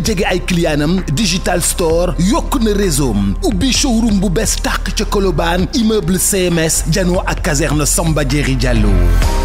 gën jege ay clientam digital store yokk na réseau ubbi showroom bu bees tàq ca Colobane immeuble CMS janoo ak caserne somba Diéry jàlloo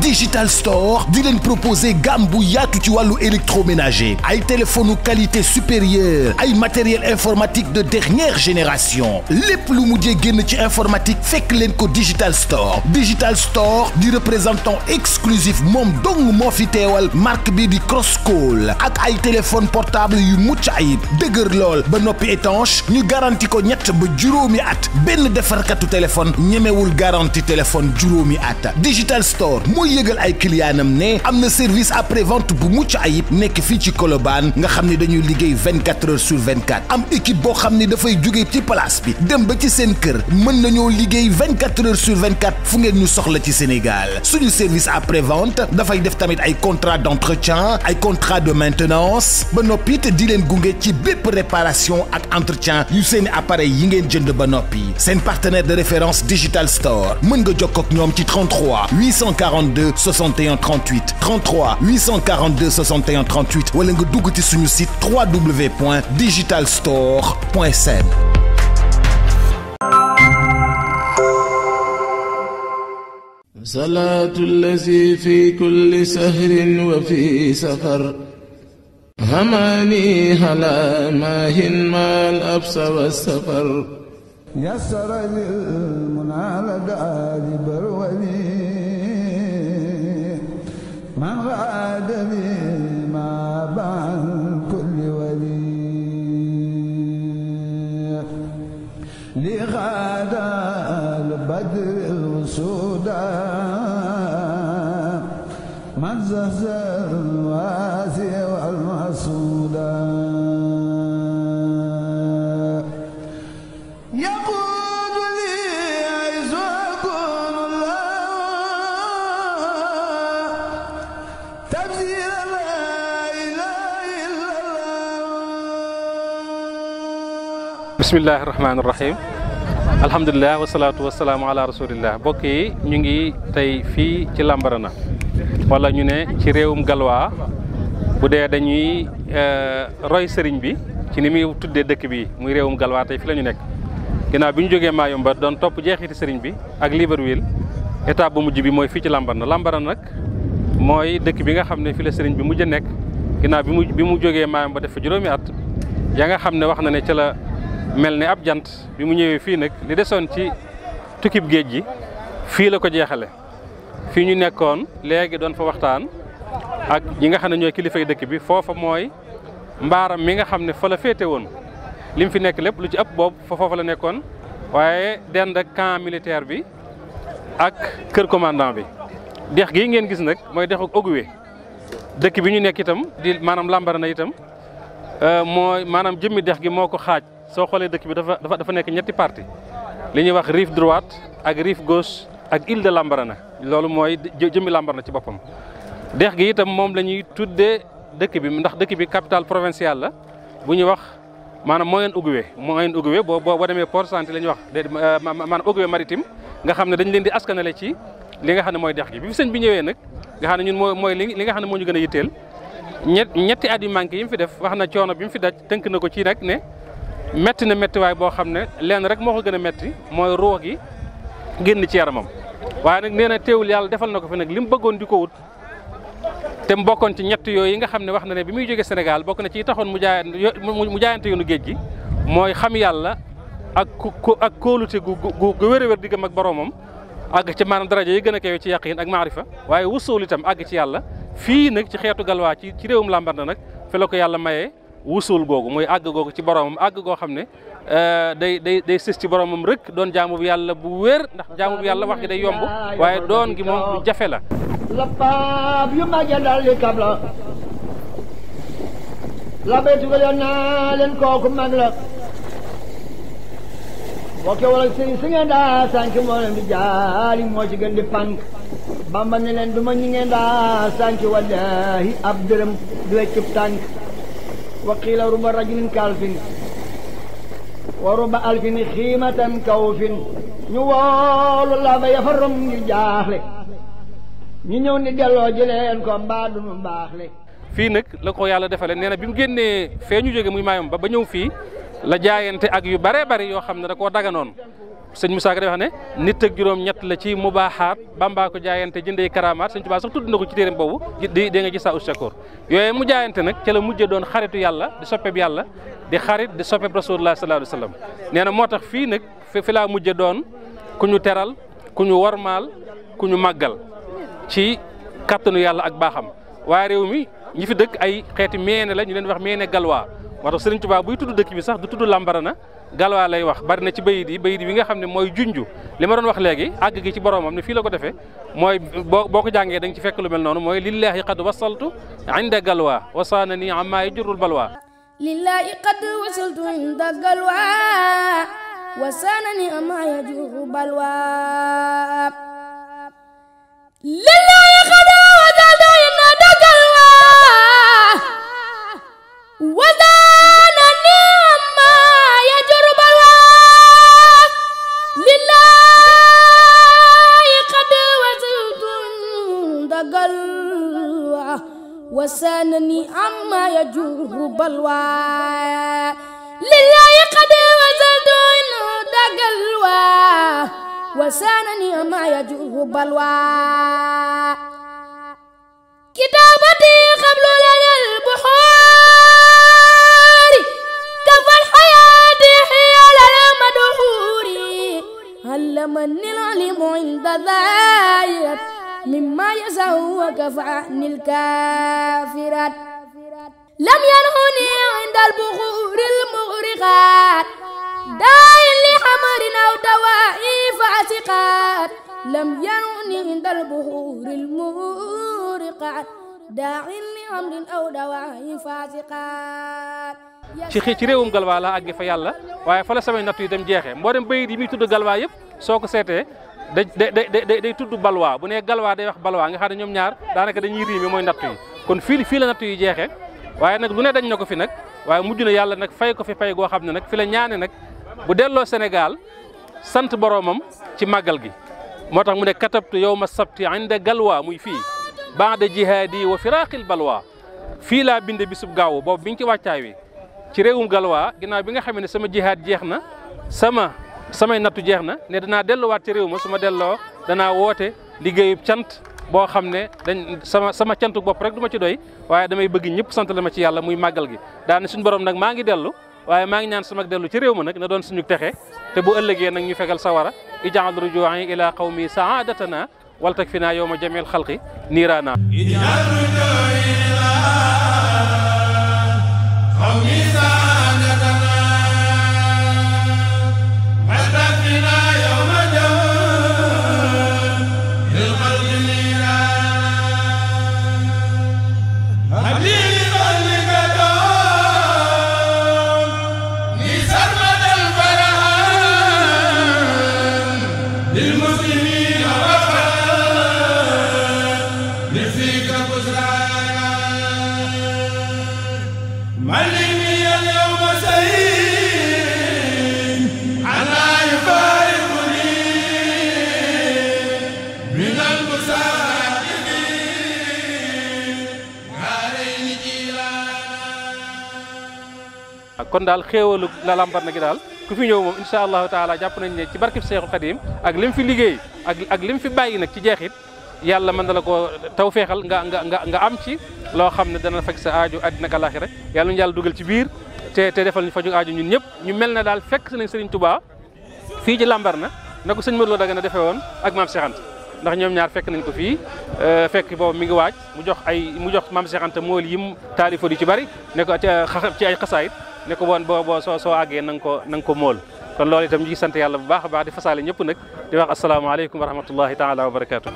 digital store di leen proposer gamme bu yaatu ci wàllu électroménager ay téléphone u qualité supérieure ay matériel informatique de dernière génération lépp lu mujjee génn ci informatique fekk leen ko digital store digital store di représentant exclusif moom dong moo fi teewal marque bi di Crosscall ak ay téléphone portable yu mucc ayib dëgër lool ba noppi étanche ñu garanti ko ñett ba juróomi at benn defarkatu téléphone ñemewul garanti téléphone juróomi at digital store mooy yëgal ay clientam ne am na service après vente bu mucc ayib nekk fii ci Colobane nga xam ne dañuy liggéey 24 heures sur 24 am équipe boo xam ne dafay jóge ci place bi dem ba ci seen kër mën nañoo liggéey 24 heures sur 24 fu ngeen ñu soxla ci Sénégal suñu service après vente dafay def tamit ay contrat d'entretien ay contrat de maintenance ba noppi te di leen gunge ci bépp réparation ak entretien yu seeni appareil yi ngeen jënd ba noppi seen partenaire de référence Digital mën nga jokkoo ak ñoom ci 33 840 842 61 38 33 842 61 38 wala nga dugg ci suñu site www.digitalstore.sn salaatu lazi fi kulli sahrin wa fi safar هماني هلا ماهن ما الأبس والسفر يسر للمنى لدى لبرولي من غاد بما بعد كل ولي لغاد البدر سودا من زهزه bismillahi rahmaani rahim alhamdulilah wasalaatu wasalaamu ala rasulillah mbokk yi ñu ngi tey fii ci na wala ñu ne ci réewum Galwaa bu dee dañuy euh, roy sëriñ bi ci ni muy tuddee dëkk bi muy réewum Galwaa tey fi la ñu nekk ginnaaw bi ñu jógee Mayumba doon topp jeexiti sëriñ bi ak Libreville étape bu mujj bi mooy fii ci Lambaréné Lambaréné nag mooy dëkk bi nga xam ne fi la sëriñ bi mujj a nekk ginnaaw bi mu bi mu jógee Mayumba def fa juróomi at yaa nga xam ne wax na ne ca la mel ni ab jant bi mu ñëwee fii nag li desoon ci tukkib géej gi fii la ko jeexale fii ñu nekkoon léegi doon fa waxtaan ak ñi nga xam ne ñooy kilifay dëkk bi foofa mooy mbaaram mi nga xam ne fa la féete woon li fi nekk lépp lu ci ëpp boobu fa foofa la nekkoon waaye dend ak camp militaire bi ak kër commandant bi dex gii ngeen gis nag mooy dexu Ogooué dëkk bi ñu nekk itam di maanaam làmbara na itam euh, mooy maanaam jëmmi dex gi moo ko xaaj soo xoolee dëkk bi dafa dafa dafa nekk ñetti parti li ñuy wax rive droite ak rive gauche ak île de Lambaréné loolu mooy jëmmi na ci boppam. dex gi itam moom la ñuy tuddee dëkk bi ndax dëkk bi capital provinciale la bu ñuy wax maanaam Moyen-Ogooué Moyen-Ogooué boo boo demee Port Santé la ñuy wax déedéet maanaam Ogooué maritime nga xam ne dañ leen di askanale ci li nga xam ne mooy dex gi bi sëñ bi ñëwee nag nga xam ne ñun mooy li li nga xam ne moo ñu gën a yitteel ñetti at yu manqué yi fi def wax na coono bi mu fi daj tënk na ko ci rek ne. metti na méttiwaay boo xam ne lenn rek moo ko gën a metti mooy ruux gi génn ci yaramam waaye nag nee na teewul yàlla defal na ko fi nag li mu bëggoon di ko wut te mbokkoon ci ñett yooyu yi nga xam ne wax na ne bi muy jógee Sénégal bokk na ci taxoon mu jaay mu jaayante yoonu géej gi mooy xam yàlla ak ku ak kóolute gu gu gu wér a wér diggam ak boromam àgg ci maanaam daraja yi gën a kew ci yaqiin ak maarifa waaye wusuul itam àgg ci yàlla fii nag ci xeetu galwaa ci ci réewum làmbar na ko yàlla mayee wusul googu mooy àgg googu ci boromam àgg goo xam ne eh, day day day sës ci boromam rek doon jaamu bu yàlla bu wér ndax jaamu bu yàlla wax gi day yomb waaye doon gi moom lu jafe la. labay tugal naa leen kooku mag la bokke wala sëriñ si ngeen daa sànq moo leen di jaali moo ci gën di pànk bamba leen du ma ñi ngeen daa sànq wallahi ab dërëm du weccub tànk wa qiila ruba rajulin ka alfin wa ruba alfin xiimatan kawfin ñu woolu la ba yafarom ñu jaaxle ñu ñëw ni delloo leen ko mbaa mbaaxle fii nag la ko yàlla defalee nee bi mu génnee fee ñu jóge muy maayom ba ba ñëw fii la jaayante ak yu bare bari yoo xam ne da koo noon sëñ Moussa Ka wax ne nit ak juróom-ñett la ci mubaaxaat Bàmbaa ko jaayante jëndee karamaat sëñ Tuubaa sax tudd na ko ci téeram boobu di di nga gis saa u shakoor yooyu mu jaayante nag ca la mujjee doon xaritu yàlla di soppeeb yàlla di xarit di soppeeb rasulullah sallallahu alayhi nee na moo tax fii nag fi laa mujjee doon ku ñu teral ku ñu wormaal ku ñu màggal ci kàttanu yàlla ak baaxam waaye réew mi ñi fi dëkk ay xeeti meene la ñu leen wax meene galwaa moo tax Serigne Touba buy tudd dëkk bi sax du tudd Lambarana Galwa lay wax bari na ci bayit yi bayit bi nga xam ne mooy junju li ma doon wax léegi àgg gi ci boromam ne fii la ko defee mooy boo boo ko jàngee da ci fekk lu mel noonu mooy lillahi qad wasaltu inda galwa wasaana nii amma yajurul balwa lillahi qad wasaltu inda galwa wasaana nii amma yajurul balwa جلوى وسانني عما يجوه بلوى لله قد وزد انه دجلوى وسانني عما يجوه بلوى كتابتي قبل لنا البحور كفى الحياة حيال المدحور علمني العلم عند ذايت مما يزه وكفاني الكافرات لم ينهني عند البخور المغرقات داع لحمر أو دواء فاسقات لم ينهني عند البخور المغرقات داع لأمر أو دواء فاسقات ci xii ci réewum galwaa laa àgg fa yàlla waaye fa la samay natt yu dem jeexee mboolem bayit yi muy tudd galwaa yëpp soo ko seetee day day day tudd balwaa bu nee galwaa day wax balwaa nga xam ne ñoom ñaar daanaka dañuy riime mooy natt yi kon fii fii la natt yi jeexee waaye nag lu ne dañ na ko fi nag waaye mujj na yàlla nag fay ko fi pay goo xam ne nag fi la ñaane nag bu delloo Sénégal sant boroomam ci màggal gi moo tax mu ne katabtu yow ma sabti inda galwaa muy fii baada jihaadi wa firaaqil balwaa fii laa binde bisub gaaw boobu bi ñu ci wàccaay wi ci réewum galwaa ginnaaw bi nga xam ne sama jihaad jeex na sama samay nattu jeex na ne danaa delluwaat ci réew ma su ma delloo danaa woote liggéeyub cant boo xam ne dañ sama sama cantu bopp rek du ma doy waaye damay bëgg ñëpp sant la ma ci yàlla muy màggal gi daane suñu borom nag maa ngi dellu waaye maa ngi ñaan sama dellu ci réew ma nag na doon suñu texe te bu ëllëgee nag ñu fegal sawara ijaal rujuwaani ila qawmi saadatana waltak fi naa yow ma jameel xalqi niiraana kon daal xéewalu la lambar na gi daal ku fi ñëw moom incha allahu taala jàpp nañ ne ci barkib Seexul Xadim ak lim fi liggéey ak ak lim fi bàyyi nag ci jeexit yàlla mën na la ko taw feexal nga nga nga nga am ci loo xam ne dana faj sa aaju àddina ak àllaaxira yàlla ñu yàlla dugal ci biir te te defal ñu faju ajo ñun ñëpp ñu mel na daal fekk nañ Serigne Touba fii ci Lambaréné na ko sëñ Modou Lo Dagana defee woon ak maam Cheikh Anta ndax ñoom ñaar fekk nañ ko fii euh, fekk boobu mi ngi waaj mu jox ay mu jox maam Cheikh Anta mool yi mu taalifoo di ci bari ne ko ci ay xasaayit ne ko woon boo boo soo soo àggee na nga ko na ko mool kon loolu itam ñu ngi sant yàlla bu baax a baax di fasaale ñëpp nag di wax asalaamaaleykum wa rahmatullahi taala wa barakaatu.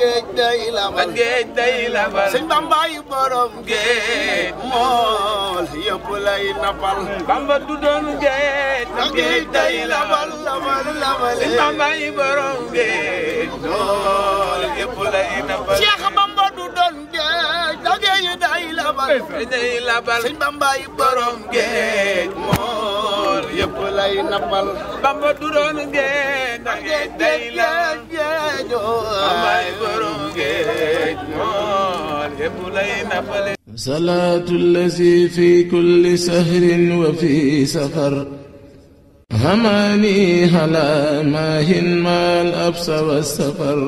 géej day labal géej day labal sëñ Bamba yu borom géej mool yëpp lay napal Bamba du doon géej géej day labal labal labal sëñ Bamba yu borom géej mool yëpp lay napal Cheikh Bamba du doon géej géej day labal day labal sëñ Bamba yu borom géej mool ñëpp lay nappal. bamba du doon géej ndax géej day la géejoo amay borom géej mool ñëpp lay nappale. salaatu lazi fi kulli sahrin wa fi safar. hamaani ala maahin maal absa wa safar.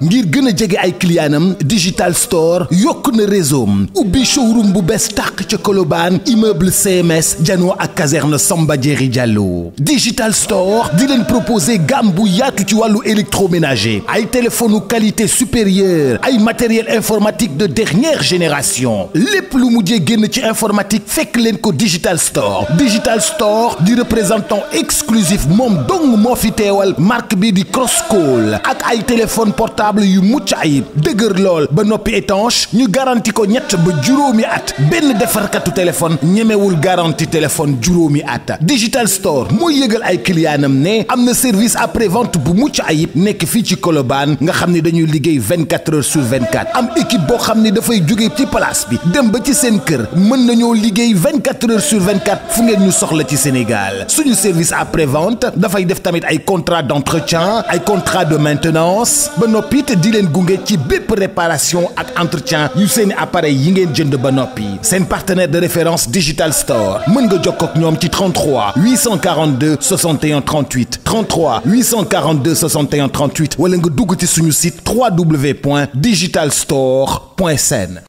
ngir gën a jege ay clientam digital store yokk na réseau ubbi showroom bu bees tàq ca Colobane immeuble CMS janoo ak caserne Samba Diéry Diallo digital store di leen proposer gamm bu yaatu ci wàllu électroménager ay téléphone u qualité supérieure ay matériel informatique de dernière génération lépp lu mujjee génn ci informatique fekk leen ko digital store digital store di représentant exclusif moom dong moo fi teewal bi di Crosscall ak ay téléphone portable portable yu mucc ayib dëgër lool ba noppi étanche ñu garanti ko ñett ba juróomi at benn defarkatu téléphone ñemewul garanti téléphone juróomi at digital store mooy yëgal ay clientam ne am na service après vente bu mucc ayib nekk fii ci Colobane nga xam ne dañuy liggéey 24 heures sur 24 am équipe boo xam ne dafay jóge ci place bi dem ba ci seen kër mën nañoo liggéey 24 heures sur 24 fu ngeen ñu soxla ci Sénégal suñu service après vente dafay def tamit ay contrat d'entretien ay contrat de maintenance ba fii di leen gunge ci bépp réparation ak entretien yu seen appareil yi ngeen jënd ba noppi seen partenaire de référence Digital Store mën nga jokkoo ak ñoom ci 33 842 61 38 33 842 61 38 wala nga dugg ci suñu site www.digitalstore.sn